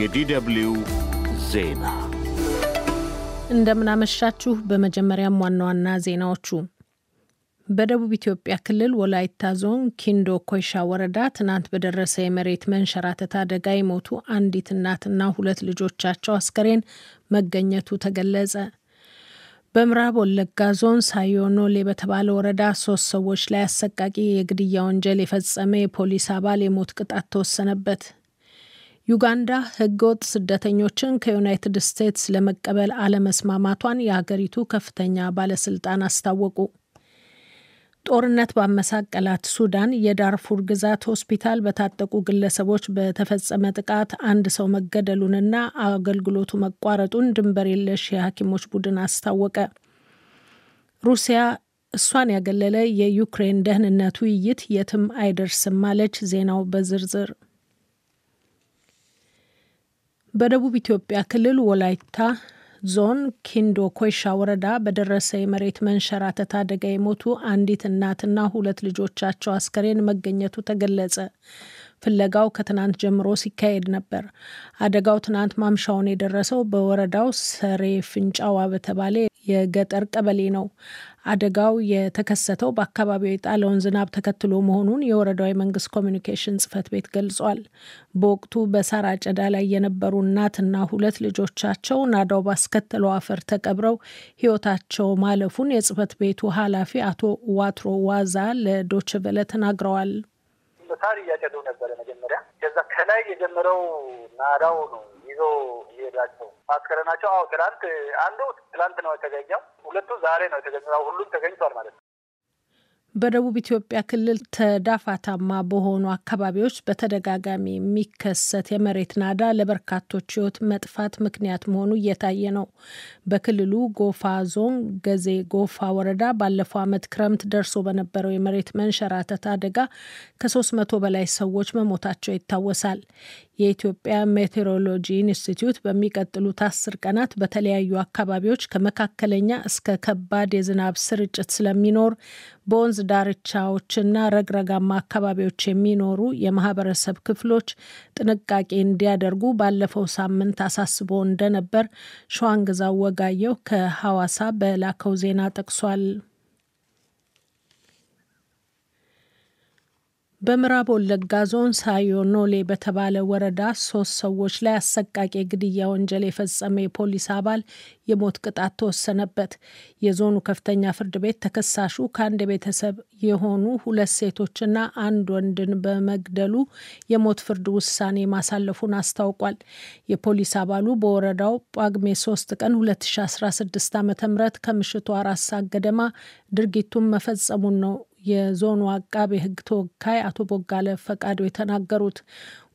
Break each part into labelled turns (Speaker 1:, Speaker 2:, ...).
Speaker 1: የዲደብልዩ ዜና እንደምናመሻችሁ። በመጀመሪያም ዋና ዋና ዜናዎቹ በደቡብ ኢትዮጵያ ክልል ወላይታ ዞን ኪንዶ ኮይሻ ወረዳ ትናንት በደረሰ የመሬት መንሸራተት አደጋ የሞቱ አንዲት እናትና ሁለት ልጆቻቸው አስከሬን መገኘቱ ተገለጸ። በምዕራብ ወለጋ ዞን ሳዮኖሌ በተባለ ወረዳ ሶስት ሰዎች ላይ አሰቃቂ የግድያ ወንጀል የፈጸመ የፖሊስ አባል የሞት ቅጣት ተወሰነበት። ዩጋንዳ ህገወጥ ስደተኞችን ከዩናይትድ ስቴትስ ለመቀበል አለመስማማቷን የሀገሪቱ ከፍተኛ ባለስልጣን አስታወቁ። ጦርነት ባመሳቀላት ሱዳን የዳርፉር ግዛት ሆስፒታል በታጠቁ ግለሰቦች በተፈጸመ ጥቃት አንድ ሰው መገደሉንና አገልግሎቱ መቋረጡን ድንበር የለሽ የሐኪሞች ቡድን አስታወቀ። ሩሲያ እሷን ያገለለ የዩክሬን ደህንነት ውይይት የትም አይደርስም ማለች ዜናው በዝርዝር በደቡብ ኢትዮጵያ ክልል ወላይታ ዞን ኪንዶ ኮይሻ ወረዳ በደረሰ የመሬት መንሸራተት አደጋ የሞቱ አንዲት እናትና ሁለት ልጆቻቸው አስከሬን መገኘቱ ተገለጸ። ፍለጋው ከትናንት ጀምሮ ሲካሄድ ነበር። አደጋው ትናንት ማምሻውን የደረሰው በወረዳው ሰሬ ፍንጫዋ በተባለ የገጠር ቀበሌ ነው። አደጋው የተከሰተው በአካባቢው የጣለውን ዝናብ ተከትሎ መሆኑን የወረዳው የመንግስት ኮሚኒኬሽን ጽህፈት ቤት ገልጿል። በወቅቱ በሳር አጨዳ ላይ የነበሩ እናትና ሁለት ልጆቻቸው ናዳው ባስከተለው አፈር ተቀብረው ህይወታቸው ማለፉን የጽህፈት ቤቱ ኃላፊ አቶ ዋትሮ ዋዛ ለዶችቨለ ተናግረዋል። ሳር እያጨዱ ነበረ መጀመሪያ። ከዛ ከላይ የጀመረው ናዳው ነው ይዞ ይሄዳቸው ማስከረናቸው ናቸው። አዎ ትላንት አንዱ ትላንት ነው የተገኘው፣ ሁለቱ ዛሬ ነው የተገኘው። ሁሉም ተገኝቷል ማለት ነው። በደቡብ ኢትዮጵያ ክልል ተዳፋታማ በሆኑ አካባቢዎች በተደጋጋሚ የሚከሰት የመሬት ናዳ ለበርካቶች ሕይወት መጥፋት ምክንያት መሆኑ እየታየ ነው። በክልሉ ጎፋ ዞን ገዜ ጎፋ ወረዳ ባለፈው ዓመት ክረምት ደርሶ በነበረው የመሬት መንሸራተት አደጋ ከ300 በላይ ሰዎች መሞታቸው ይታወሳል። የኢትዮጵያ ሜቴሮሎጂ ኢንስቲትዩት በሚቀጥሉት አስር ቀናት በተለያዩ አካባቢዎች ከመካከለኛ እስከ ከባድ የዝናብ ስርጭት ስለሚኖር በወንዝ ዳርቻዎችና ረግረጋማ አካባቢዎች የሚኖሩ የማህበረሰብ ክፍሎች ጥንቃቄ እንዲያደርጉ ባለፈው ሳምንት አሳስቦ እንደነበር ሸዋንግዛው ወጋየው ከሐዋሳ በላከው ዜና ጠቅሷል። በምዕራብ ወለጋ ዞን ሳዮ ኖሌ በተባለ ወረዳ ሶስት ሰዎች ላይ አሰቃቂ ግድያ ወንጀል የፈጸመ የፖሊስ አባል የሞት ቅጣት ተወሰነበት። የዞኑ ከፍተኛ ፍርድ ቤት ተከሳሹ ከአንድ ቤተሰብ የሆኑ ሁለት ሴቶችና አንድ ወንድን በመግደሉ የሞት ፍርድ ውሳኔ ማሳለፉን አስታውቋል። የፖሊስ አባሉ በወረዳው ጳጉሜ 3 ቀን 2016 ዓ ም ከምሽቱ አራት ሰዓት ገደማ ድርጊቱን መፈጸሙን ነው የዞኑ አቃቤ ሕግ ተወካይ አቶ ቦጋለ ፈቃዱ የተናገሩት።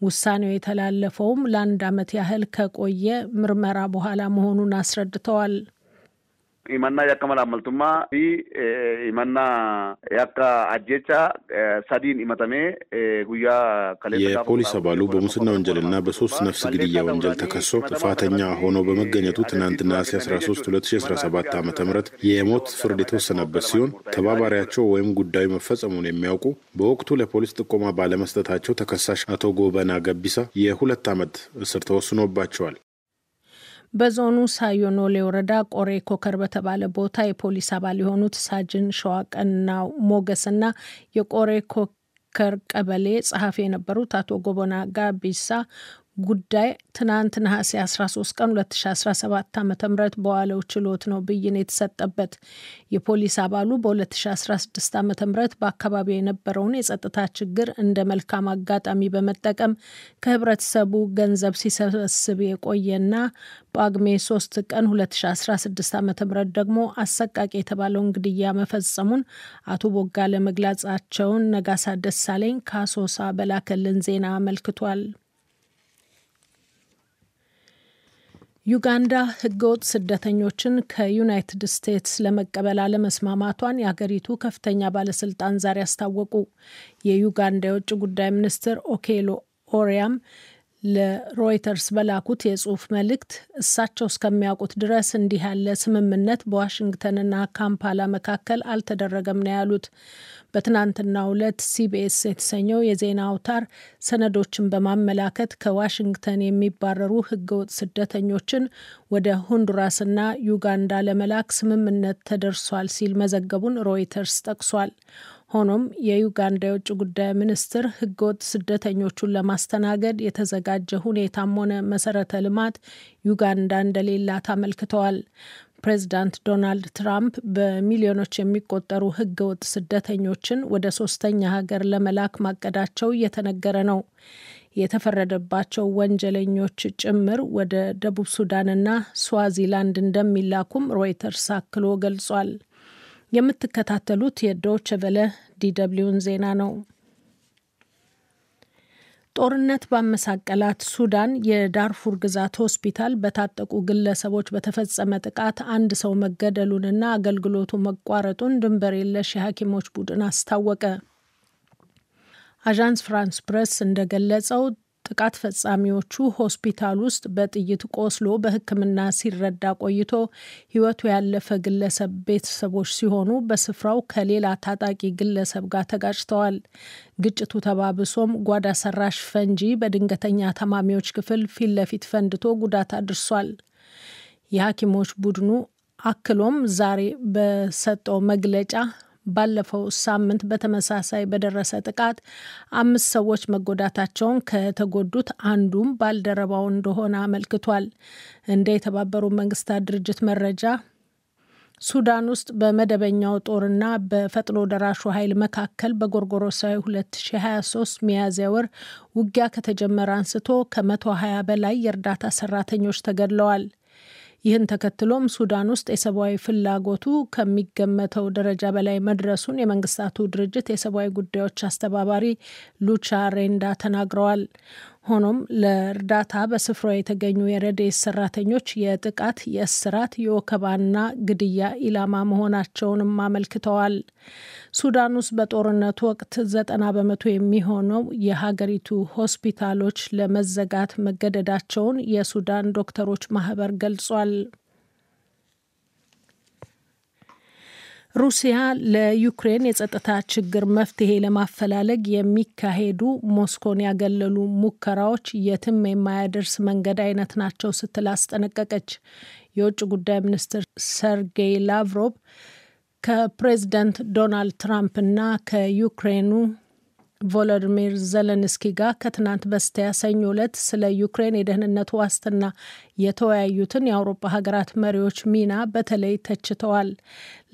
Speaker 1: ውሳኔው የተላለፈውም ለአንድ ዓመት ያህል ከቆየ ምርመራ በኋላ መሆኑን አስረድተዋል። himannaa yakka mala fi himannaa e, yakka አጀቻ ሳዲን ኢመተሜ ጉያ የፖሊስ አባሉ በሙስና ወንጀልና በሶስት ነፍስ ግድያ ወንጀል ተከሶ ጥፋተኛ ሆኖ በመገኘቱ ትናንት ነሐሴ 13 2017 ዓ ም የሞት ፍርድ የተወሰነበት ሲሆን ተባባሪያቸው ወይም ጉዳዩ መፈጸሙን የሚያውቁ በወቅቱ ለፖሊስ ጥቆማ ባለመስጠታቸው ተከሳሽ አቶ ጎበና ገቢሳ የሁለት ዓመት እስር ተወስኖባቸዋል። በዞኑ ሳዮኖሌ ወረዳ ቆሬ ኮከር በተባለ ቦታ የፖሊስ አባል የሆኑት ሳጅን ሸዋቀና ሞገስና የቆሬ ኮከር ቀበሌ ጸሐፊ የነበሩት አቶ ጎበና ጋቢሳ ጉዳይ ትናንት ነሐሴ 13 ቀን 2017 ዓ ም በዋለው ችሎት ነው ብይን የተሰጠበት። የፖሊስ አባሉ በ2016 ዓ ም በአካባቢው የነበረውን የጸጥታ ችግር እንደ መልካም አጋጣሚ በመጠቀም ከህብረተሰቡ ገንዘብ ሲሰበስብ የቆየና ጳጉሜ 3 ቀን 2016 ዓ ም ደግሞ አሰቃቂ የተባለውን ግድያ መፈጸሙን አቶ ቦጋለ መግለጻቸውን ነጋሳ ደሳለኝ ካሶሳ በላከልን ዜና አመልክቷል። ዩጋንዳ ህገወጥ ስደተኞችን ከዩናይትድ ስቴትስ ለመቀበል አለመስማማቷን የአገሪቱ ከፍተኛ ባለስልጣን ዛሬ አስታወቁ። የዩጋንዳ የውጭ ጉዳይ ሚኒስትር ኦኬሎ ኦሪያም ለሮይተርስ በላኩት የጽሁፍ መልእክት እሳቸው እስከሚያውቁት ድረስ እንዲህ ያለ ስምምነት በዋሽንግተንና ካምፓላ መካከል አልተደረገም ነው ያሉት። በትናንትናው ዕለት ሲቢኤስ የተሰኘው የዜና አውታር ሰነዶችን በማመላከት ከዋሽንግተን የሚባረሩ ህገወጥ ስደተኞችን ወደ ሆንዱራስና ዩጋንዳ ለመላክ ስምምነት ተደርሷል ሲል መዘገቡን ሮይተርስ ጠቅሷል። ሆኖም የዩጋንዳ የውጭ ጉዳይ ሚኒስትር ህገወጥ ስደተኞቹን ለማስተናገድ የተዘጋጀ ሁኔታም ሆነ መሰረተ ልማት ዩጋንዳ እንደሌላት አመልክተዋል። ፕሬዚዳንት ዶናልድ ትራምፕ በሚሊዮኖች የሚቆጠሩ ህገወጥ ስደተኞችን ወደ ሶስተኛ ሀገር ለመላክ ማቀዳቸው እየተነገረ ነው። የተፈረደባቸው ወንጀለኞች ጭምር ወደ ደቡብ ሱዳንና ስዋዚላንድ እንደሚላኩም ሮይተርስ አክሎ ገልጿል። የምትከታተሉት የዶች ቨለ ዲደብሊውን ዜና ነው። ጦርነት ባመሳቀላት ሱዳን የዳርፉር ግዛት ሆስፒታል በታጠቁ ግለሰቦች በተፈጸመ ጥቃት አንድ ሰው መገደሉንና አገልግሎቱ መቋረጡን ድንበር የለሽ የሐኪሞች ቡድን አስታወቀ። አዣንስ ፍራንስ ፕሬስ እንደገለጸው ጥቃት ፈጻሚዎቹ ሆስፒታል ውስጥ በጥይት ቆስሎ በሕክምና ሲረዳ ቆይቶ ሕይወቱ ያለፈ ግለሰብ ቤተሰቦች ሲሆኑ በስፍራው ከሌላ ታጣቂ ግለሰብ ጋር ተጋጭተዋል። ግጭቱ ተባብሶም ጓዳ ሰራሽ ፈንጂ በድንገተኛ ታማሚዎች ክፍል ፊት ለፊት ፈንድቶ ጉዳት አድርሷል። የሐኪሞች ቡድኑ አክሎም ዛሬ በሰጠው መግለጫ ባለፈው ሳምንት በተመሳሳይ በደረሰ ጥቃት አምስት ሰዎች መጎዳታቸውን ከተጎዱት አንዱም ባልደረባው እንደሆነ አመልክቷል። እንደ የተባበሩ መንግስታት ድርጅት መረጃ ሱዳን ውስጥ በመደበኛው ጦርና በፈጥኖ ደራሹ ኃይል መካከል በጎርጎሮሳዊ 2023 ሚያዝያ ወር ውጊያ ከተጀመረ አንስቶ ከ120 በላይ የእርዳታ ሰራተኞች ተገድለዋል። ይህን ተከትሎም ሱዳን ውስጥ የሰብአዊ ፍላጎቱ ከሚገመተው ደረጃ በላይ መድረሱን የመንግስታቱ ድርጅት የሰብአዊ ጉዳዮች አስተባባሪ ሉቻ ሬንዳ ተናግረዋል። ሆኖም ለእርዳታ በስፍራው የተገኙ የረድኤት ሰራተኞች የጥቃት፣ የእስራት፣ የወከባና ግድያ ኢላማ መሆናቸውንም አመልክተዋል። ሱዳን ውስጥ በጦርነቱ ወቅት ዘጠና በመቶ የሚሆነው የሀገሪቱ ሆስፒታሎች ለመዘጋት መገደዳቸውን የሱዳን ዶክተሮች ማህበር ገልጿል። ሩሲያ ለዩክሬን የጸጥታ ችግር መፍትሄ ለማፈላለግ የሚካሄዱ ሞስኮን ያገለሉ ሙከራዎች የትም የማያደርስ መንገድ አይነት ናቸው ስትል አስጠነቀቀች። የውጭ ጉዳይ ሚኒስትር ሰርጌይ ላቭሮቭ ከፕሬዚደንት ዶናልድ ትራምፕ እና ከዩክሬኑ ቮሎዲሚር ዘለንስኪ ጋር ከትናንት በስቲያ ሰኞ ዕለት ስለ ዩክሬን የደህንነት ዋስትና የተወያዩትን የአውሮፓ ሀገራት መሪዎች ሚና በተለይ ተችተዋል።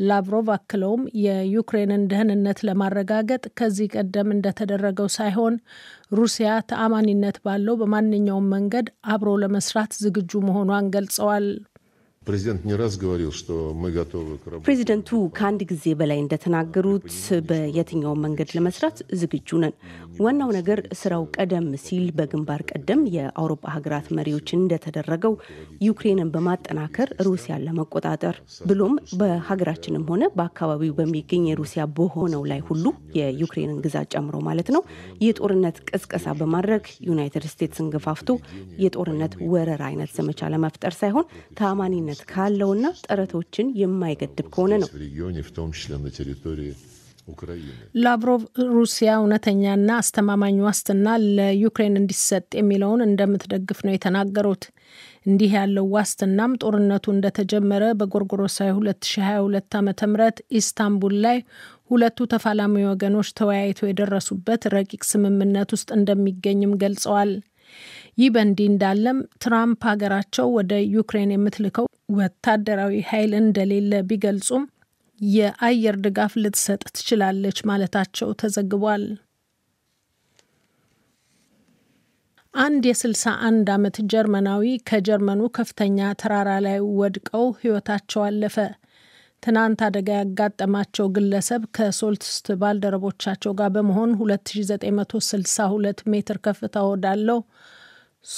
Speaker 1: ላቭሮቭ አክለውም የዩክሬንን ደህንነት ለማረጋገጥ ከዚህ ቀደም እንደተደረገው ሳይሆን ሩሲያ ተአማኒነት ባለው በማንኛውም መንገድ አብሮ ለመስራት ዝግጁ መሆኗን ገልጸዋል። ፕሬዚደንቱ ከአንድ ጊዜ በላይ እንደተናገሩት በየትኛውም መንገድ ለመስራት ዝግጁ ነን። ዋናው ነገር ስራው ቀደም ሲል በግንባር ቀደም የአውሮፓ ሀገራት መሪዎች እንደተደረገው ዩክሬንን በማጠናከር ሩሲያን ለመቆጣጠር ብሎም በሀገራችንም ሆነ በአካባቢው በሚገኝ የሩሲያ በሆነው ላይ ሁሉ የዩክሬንን ግዛት ጨምሮ ማለት ነው የጦርነት ቅስቀሳ በማድረግ ዩናይትድ ስቴትስን ገፋፍቶ የጦርነት ወረራ አይነት ዘመቻ ለመፍጠር ሳይሆን ተአማኒነት መሰረት ካለውና ጥረቶችን የማይገድብ ከሆነ ነው። ላቭሮቭ ሩሲያ እውነተኛና አስተማማኝ ዋስትና ለዩክሬን እንዲሰጥ የሚለውን እንደምትደግፍ ነው የተናገሩት። እንዲህ ያለው ዋስትናም ጦርነቱ እንደተጀመረ በጎርጎሮሳዊ 2022 ዓ ም ኢስታንቡል ላይ ሁለቱ ተፋላሚ ወገኖች ተወያይተው የደረሱበት ረቂቅ ስምምነት ውስጥ እንደሚገኝም ገልጸዋል። ይህ በእንዲህ እንዳለም ትራምፕ ሀገራቸው ወደ ዩክሬን የምትልከው ወታደራዊ ኃይል እንደሌለ ቢገልጹም የአየር ድጋፍ ልትሰጥ ትችላለች ማለታቸው ተዘግቧል። አንድ የ61 ዓመት ጀርመናዊ ከጀርመኑ ከፍተኛ ተራራ ላይ ወድቀው ሕይወታቸው አለፈ። ትናንት አደጋ ያጋጠማቸው ግለሰብ ከሶልትስት ባልደረቦቻቸው ጋር በመሆን 2962 ሜትር ከፍታ ወዳለው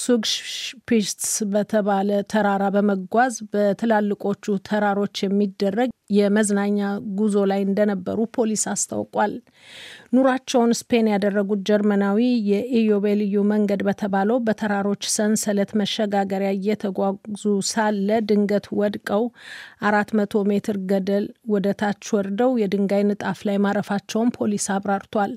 Speaker 1: ሱግሽፒትስ በተባለ ተራራ በመጓዝ በትላልቆቹ ተራሮች የሚደረግ የመዝናኛ ጉዞ ላይ እንደነበሩ ፖሊስ አስታውቋል። ኑሯቸውን ስፔን ያደረጉት ጀርመናዊ የኢዮቤልዩ መንገድ በተባለው በተራሮች ሰንሰለት መሸጋገሪያ እየተጓዙ ሳለ ድንገት ወድቀው አራት መቶ ሜትር ገደል ወደ ታች ወርደው የድንጋይ ንጣፍ ላይ ማረፋቸውን ፖሊስ አብራርቷል።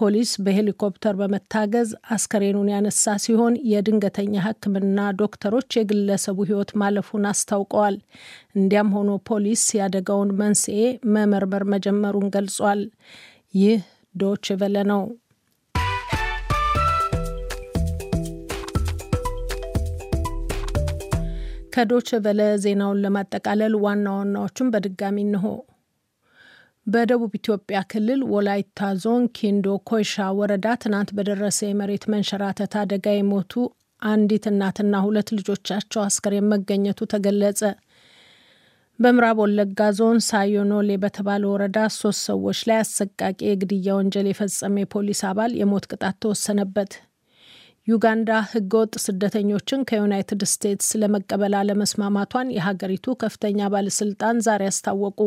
Speaker 1: ፖሊስ በሄሊኮፕተር በመታገዝ አስከሬኑን ያነሳ ሲሆን የድንገተኛ ሕክምና ዶክተሮች የግለሰቡ ሕይወት ማለፉን አስታውቀዋል። እንዲያም ሆኖ ፖሊስ ያደጋውን መንስኤ መመርመር መጀመሩን ገልጿል። ይህ ዶች ቨለ ነው። ከዶች ቨለ ዜናውን ለማጠቃለል ዋና ዋናዎቹን በድጋሚ እንሆ በደቡብ ኢትዮጵያ ክልል ወላይታ ዞን ኪንዶ ኮይሻ ወረዳ ትናንት በደረሰ የመሬት መንሸራተት አደጋ የሞቱ አንዲት እናትና ሁለት ልጆቻቸው አስከሬን መገኘቱ ተገለጸ። በምዕራብ ወለጋ ዞን ሳዮኖሌ በተባለ ወረዳ ሶስት ሰዎች ላይ አሰቃቂ የግድያ ወንጀል የፈጸመ የፖሊስ አባል የሞት ቅጣት ተወሰነበት። ዩጋንዳ ወጥ ስደተኞችን ከዩናይትድ ስቴትስ ለመቀበል አለመስማማቷን የሀገሪቱ ከፍተኛ ባለስልጣን ዛሬ አስታወቁ።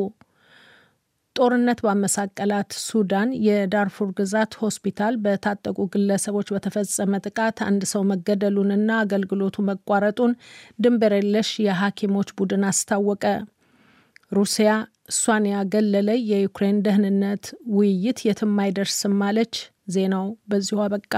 Speaker 1: ጦርነት ባመሳቀላት ሱዳን የዳርፉር ግዛት ሆስፒታል በታጠቁ ግለሰቦች በተፈጸመ ጥቃት አንድ ሰው መገደሉንና አገልግሎቱ መቋረጡን ድንበር የለሽ የሐኪሞች ቡድን አስታወቀ። ሩሲያ እሷን ያገለለ የዩክሬን ደህንነት ውይይት የትም አይደርስም ማለች ዜናው በዚሁ አበቃ።